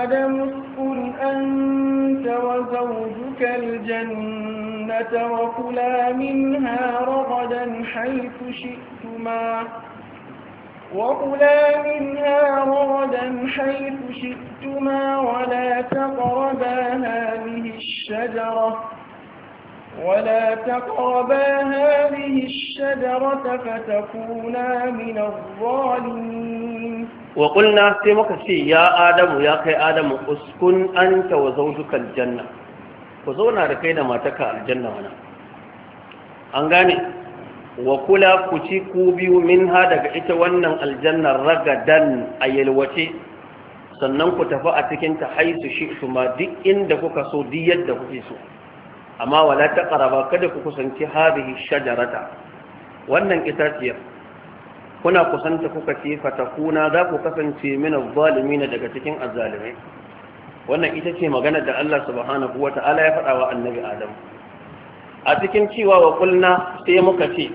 آدم اسكن أنت وزوجك الجنة وكلا منها رغدا حيث شئتما وكلا منها رغدا حيث شئتما ولا تقربا هذه الشجرة ولا تقربا هذه الشجرة فتكونا من الظالمين وقلنا سيمك سي يا آدم يا كي آدم اسكن أنت وزوجك الجنة وزونا ركينا ما تكا الجنة هنا أنغاني وكلا كتي كوبيو منها دك إتوانا الجنة رغدا أيلوتي sannan ku tafi a cikinta haisu shi su ma duk inda kuka so diyar da kuke so amma wala ta ƙaraba kada ku kusanci hadihi shajarata wannan itaciyar kuna kusanta kuka ce fatakuna za ku kasance mina na daga cikin azalumai. wannan ita ce magana da Allah subhanahu wa ta'ala ya faɗa wa annabi Adam a cikin cewa wa kulna sai muka ce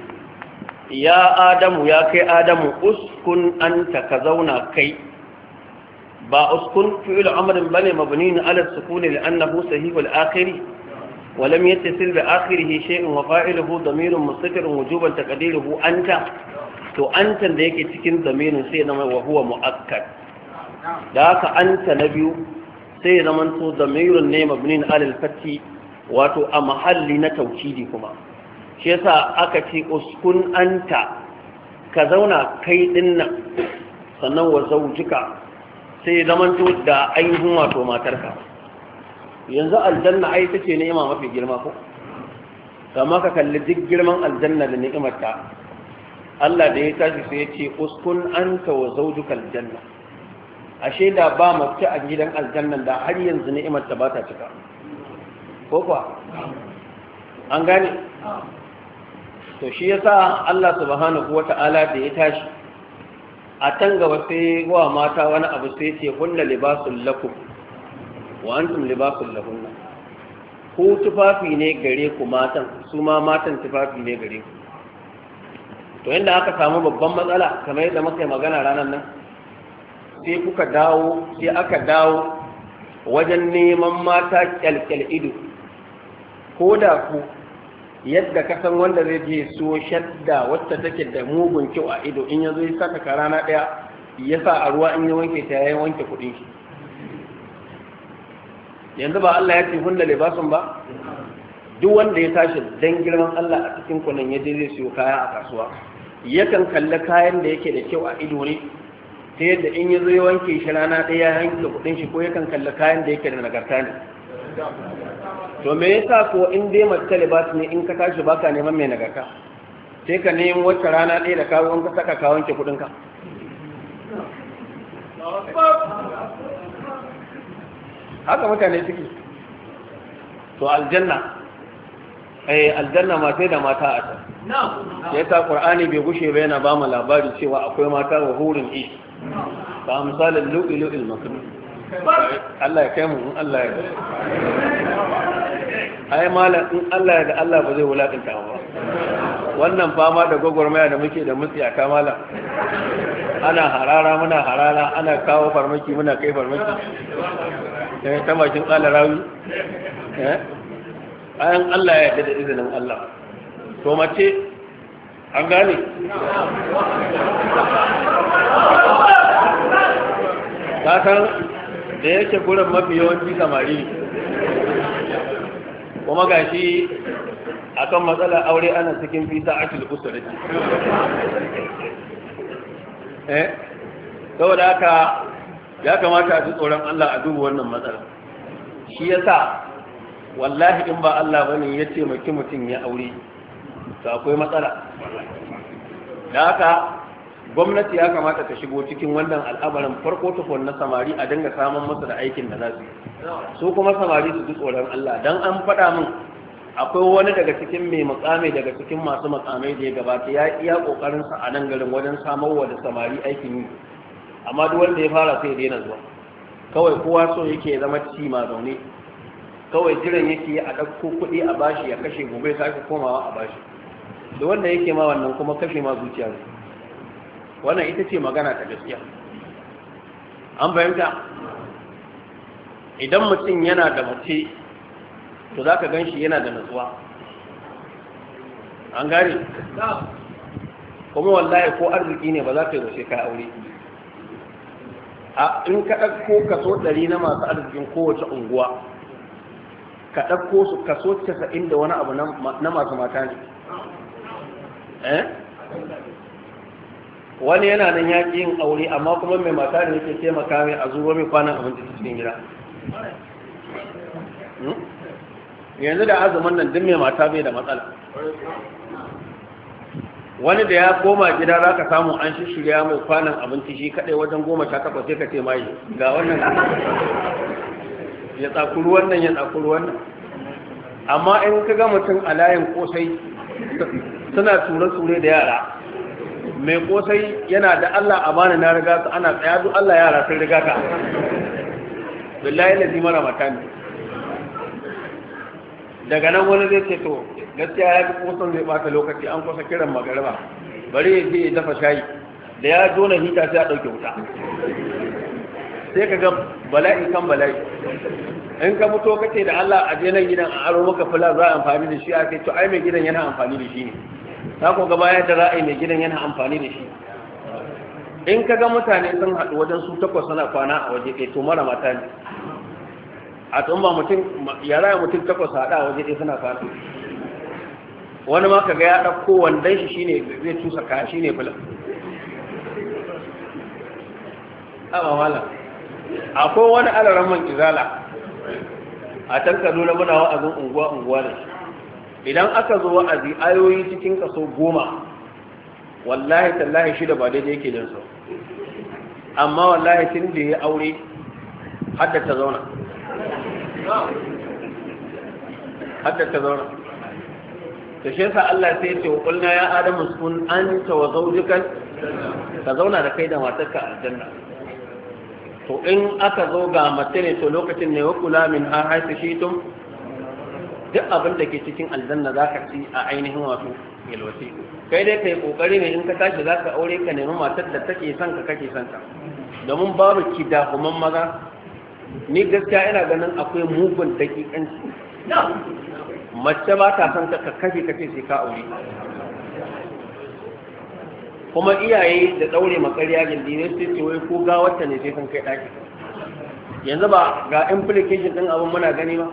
ya Adamu ya kai Adamu uskun anta ka zauna kai ba uskun fi'il amrin bane mabni ala sukuni li'annahu sahihul akhiri ولم يتصل بآخره شيء وفاعله ضمير مستتر وجوبا تقديره أنت to antan da yake cikin zamirin sai zama wa huwa mu'akkad da aka anta na biyu sai zama to zamirun ne mabnin alal fatti wato a mahalli na taukidi kuma shi yasa aka ce uskun anta ka zauna kai dinnan sannan wa sai da ainihin wato matarka yanzu aljanna ai ta ce ni'ima mafi girma ko kama ka kalli duk girman aljanna da ni'imarta Allah da ya tashi sai ya ce uskun anta wa zawjuka aljanna ashe da ba mace a gidan aljanna da har yanzu ni'imarta ba ta cika ko kuwa an gane to shi yasa Allah subhanahu wata'ala da ya tashi a can gaba sai wa mata wani abu sai ce kullu libasul lakum wa antum libasul lahunna ko tufafi ne gare ku matan su ma matan tufafi ne gare ku to yadda aka samu babban matsala kamar yadda muka yi magana ranar nan sai kuka dawo sai aka dawo wajen neman mata kyalkyal ido ko da ku yadda ka san wanda zai je so shadda wacce take da mugun kyau a ido in yanzu ya saka ka rana ɗaya ya sa a ruwa in ya wanke ta ya wanke kuɗin shi yanzu ba Allah ya ce hunna libasun ba duk wanda ya tashi dan girman Allah a cikin kunan ya je zai siyo kaya a kasuwa yakan kalli kayan da yake da kyau a ido ne ta yadda in ya zo ya wanke shi rana ɗaya ya yanke kuɗin shi ko yakan kalli kayan da yake da nagarta ne to me yasa ko in dai mace libas ne in ka tashi baka neman mai nagarta sai ka nemi wacce rana ɗaya da kawo in ka saka ka wanke kuɗin ka haka mutane suke to aljanna eh aljanna matai da mata a ta ya ta qur'ani bai gushe ba yana ba mu labari cewa akwai mata wa hurin is ba misalin lu'ilu il makrum Allah ya kai mu in Allah ya ga ai malam in Allah ya ga Allah ba zai wulakanta ba wannan fama da gwagwarmaya da muke da mutsi a kamala ana harara muna harara ana kawo farmaki muna kai farmaki eh, ta bakin ƙala rawi eh, ayan Allah ya yarda da izinin Allah to mace an gane ka san da yake gurin mafi yawanci samari kuma gashi akan matsala aure ana cikin fita a cikin usuri eh saboda haka ya kamata a ji tsoron Allah a duba wannan matsala shi yasa wallahi in ba Allah bane ya taimaki mutum ya aure to akwai matsala da haka gwamnati ya kamata ta shigo cikin wannan al'amarin farko tukun na samari a dinga samun masa da aikin da za su yi su kuma samari su ji tsoron Allah dan an faɗa min akwai wani daga cikin mai makame daga cikin masu makame da ya gabata ya iya kokarin sa a nan garin wajen samar wa da samari aikin yi amma duk wanda ya fara sai daina zuwa kawai kowa so yake zama ci ma zaune kawai jiran yake a ɗauko kuɗi a bashi ya kashe gobe sake komawa a bashi da wanda yake ma wannan kuma kashe ma zuciya ne wannan ita ce magana ta gaskiya an fahimta idan mutum yana da mace to za ka gan shi yana da nutsuwa. an gane kuma wallahi ko arziki ne ba za ka yi mace ka aure a in ka ɗauko kaso ɗari na masu arzikin kowace unguwa ka ɗauko su kaso casa'in da wani abu na masu mata ne eh? wani yana nan yaƙi yin aure amma kuma mai mata ne yake taimaka mai a zuwa mai kwanan abinci cikin gida Hmm? yanzu da azumin nan duk mai mata bai da matsala wani da ya koma gida za ka samu an shi shirya mai kwanan abinci shi kadai wajen goma sha takwas sai ka ce mai ga wannan ya tsakuru wannan ya tsakuru wannan amma in ka ga mutum a layin kosai suna ture-ture da yara mai kosai yana da allah amana na riga ana tsaya Allah yara sun riga ka billahi lazi mara ne. daga nan wani zai ce to gaskiya ya fi kusan zai bata lokaci an kusa kiran magariba bari ya je ya dafa shayi da ya zo na hita sai a ɗauke wuta sai ka ga bala'i kan bala'i in ka mutu ka ce da Allah a je nan gidan a aro maka fula za a amfani da shi a ce to ai mai gidan yana amfani da shi ne ta ko gaba ya da ra'ayi mai gidan yana amfani da shi in ka ga mutane sun haɗu wajen su takwas suna kwana a waje ɗaya to mara mata ne a tun ba mutum ya raya mutum takwas haɗa a waje ɗaya suna kwana wani ma ka ga ya ɗauko wandon shi shine zai tusa kaya shine bulan A malam akwai wani alaran man izala a can kaduna muna wa'azin unguwa unguwa ne idan aka zo wa'azi ayoyi cikin kaso goma wallahi tallahi shi da ba daidai yake da amma wallahi tun da ya aure hadda ta zauna hadda ta zauna ta shi yasa Allah sai ce wa ya adamu sun anta wa zaujikan ka zauna da kai da matarka a aljanna to in aka zo ga mace ne to lokacin ne wa kula min ha haisu shi tun duk abin da ke cikin aljanna za ka ci a ainihin wato yalwace kai dai kai kokari ne in ka tashi za ka aure ka nemi matar da take son ka kake son ka domin babu kidahuman maza ni gaskiya ina ganin akwai mugun shi mace ba ta son ka kashe kace sai ka aure kuma iyaye da daure makariya gindi ne sai ce wai ko ga wata ne sai san kai daki yanzu ba ga implication din abun muna gani ba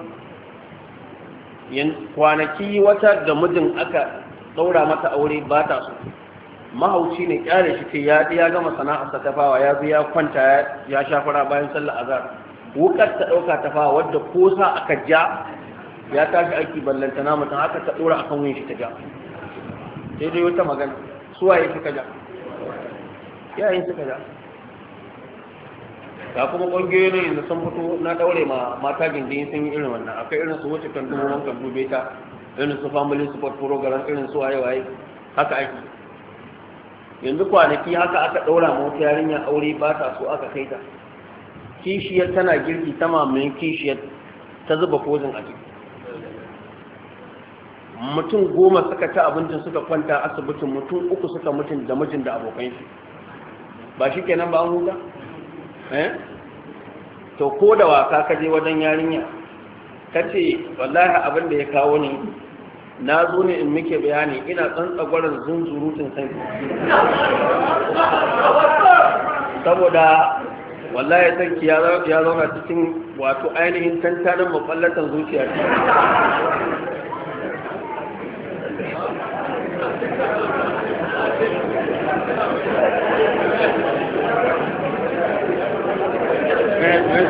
kwanaki wata da mijin aka ɗaura mata aure ba ta so mahauci ne kyale shi ce ya ya gama sana'arsa ta fawa ya ya kwanta ya sha fara bayan sallar azhar wukar ta ɗauka ta fawa wadda ko sa aka ja ya tashi aiki ballanta na mutum aka ta ɗora akan wuyan shi ta ja sai dai wata magana suwaye suka ja yayin suka ja ga kuma ƙungiyoyin yanzu sun fito na ɗaure ma mata gindin sun yi irin wannan akwai irin su wuce kan dubu wankan dube ta irin su family support program irin su waye waye haka ake yanzu kwanaki haka aka ɗaura ma wata yarinya aure ba ta so aka kai ta kishiyar tana girki ta mamayin kishiyar ta zuba kozin a ciki mutum goma suka ta abincin suka kwanta asibitin mutum uku suka mutum da mijin da abokan shi ba shi kenan ba an huta eh to ko da wasa kaje wajen yarinya ka ce wallahi abin da ya kawo ni na zo ne in muke bayani ina zun zurutun sani saboda wallahi sarki ya zauna cikin wato ainihin tantanin mafallatan zuciya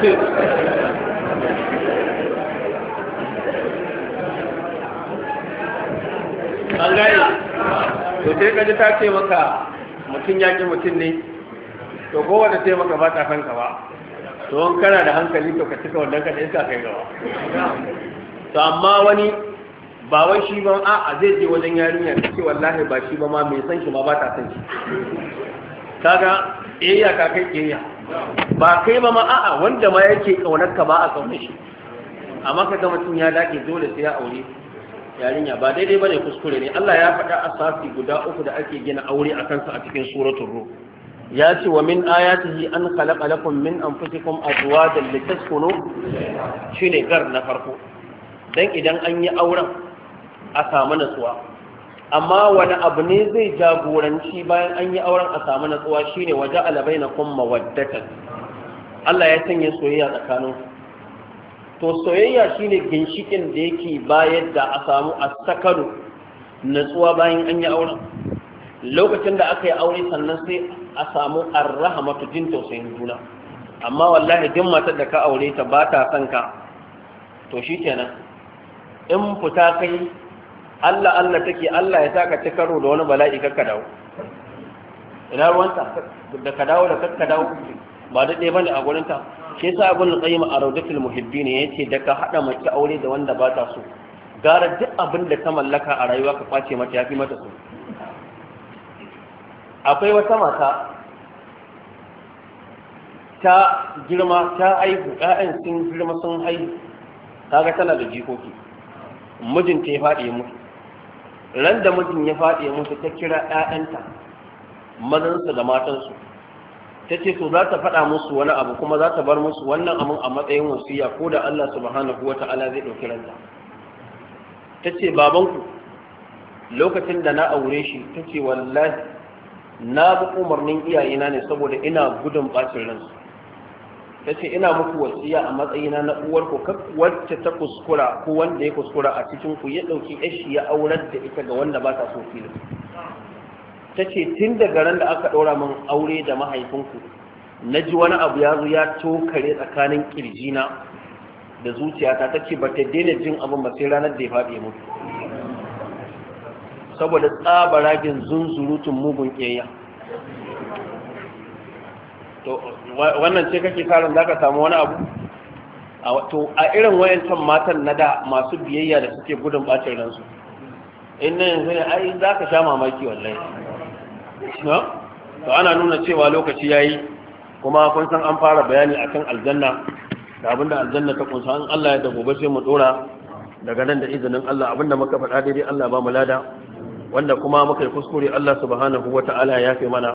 Thank eh, you. to sai kaji ta ce maka mutum ya ki mutum ne to kowane sai maka ba ta kanka ba to in kana da hankali to ka cika wannan ka iska kai gaba to amma wani ba wai shi ba a'a zai je wajen yarinya ta ce wallahi ba shi ba ma mai san shi ma ba ta san shi kaga iya ka kai iya ba kai ba ma a'a wanda ma yake kaunar ka ba a kaunar shi amma kaga mutum ya dace dole sai ya aure yarinya ba daidai bane kuskure ne Allah ya faɗa asasi guda uku da ake gina aure a kansa a cikin suratul ruh ya ce wa min ayatihi an khalaqa lakum min anfusikum azwajan litaskunu shine gar na farko dan idan an yi auren a samu nasuwa amma wani abu ne zai jagoranci bayan an yi auren a samu nasuwa shine waje bainakum na mawaddatan Allah ya sanya soyayya tsakanin to soyayya shine ginshikin da yake bayar da a samu a asakaru natsuwa bayan an yi auren lokacin da aka yi aure sannan sai a samu arrahamatu jin tausayin juna amma wallahi duk matar da ka aure ta ba ta son ka to shi shikenan in fita kai Allah Allah take Allah ya saka ci karo da wani bala'i kakka dawo ina ruwanta da ka dawo da kakka dawo ba daɗe bane a gurinta ke sa abin qayyim a rawdatul muhibbin yace da ka hada mace aure da wanda ba ta so gara duk abin da ka mallaka a rayuwa ka kwace mata yafi mata so akwai wata mata ta girma ta aihu. ƴaƴan sun girma sun haihu kaga tana da jikoki mijinta ya faɗi ya mutu ran da mijin ya faɗi ya mutu ta kira ƴaƴanta mazansu da matansu ta ce su za ta faɗa musu wani abu kuma za ta bar musu wannan abin a matsayin wasiya ko da Allah subhanahu wa ta'ala zai ɗauki ranta ta ce babanku lokacin da na aure shi ta ce wallahi na bi umarnin iyayena ne saboda ina gudun ɓacin ransu ta ce ina muku wasiya a matsayina na uwarku wacce ta kuskura ko wanda ya kuskura a cikin ku ya ɗauki yashi ya aurar da ita ga wanda ba ta so filin ta ce tun daga ran da aka ɗora min aure da mahaifinku na ji wani abu ya zo ya tokare tsakanin ƙirjina da zuciyata ta ce ba ta daina jin abin ba sai ranar da ya faɗi mutu saboda tsabaragen zunzurutun mugun ƙeya wannan ce kake karin za ka samu wani abu a irin wayancan matan na da masu biyayya da suke gudun ɓacin ransu in na yanzu ne ai za ka sha mamaki wallahi to ana nuna cewa lokaci yi kuma kun san an fara bayani akan aljanna da abinda aljanna ta kunsa an Allah ya da gobe sai mu dora daga nan da izinin Allah abinda muka faɗa daidai Allah ba mu lada wanda kuma muka yi kuskure Allah subhanahu wata'ala ya fi mana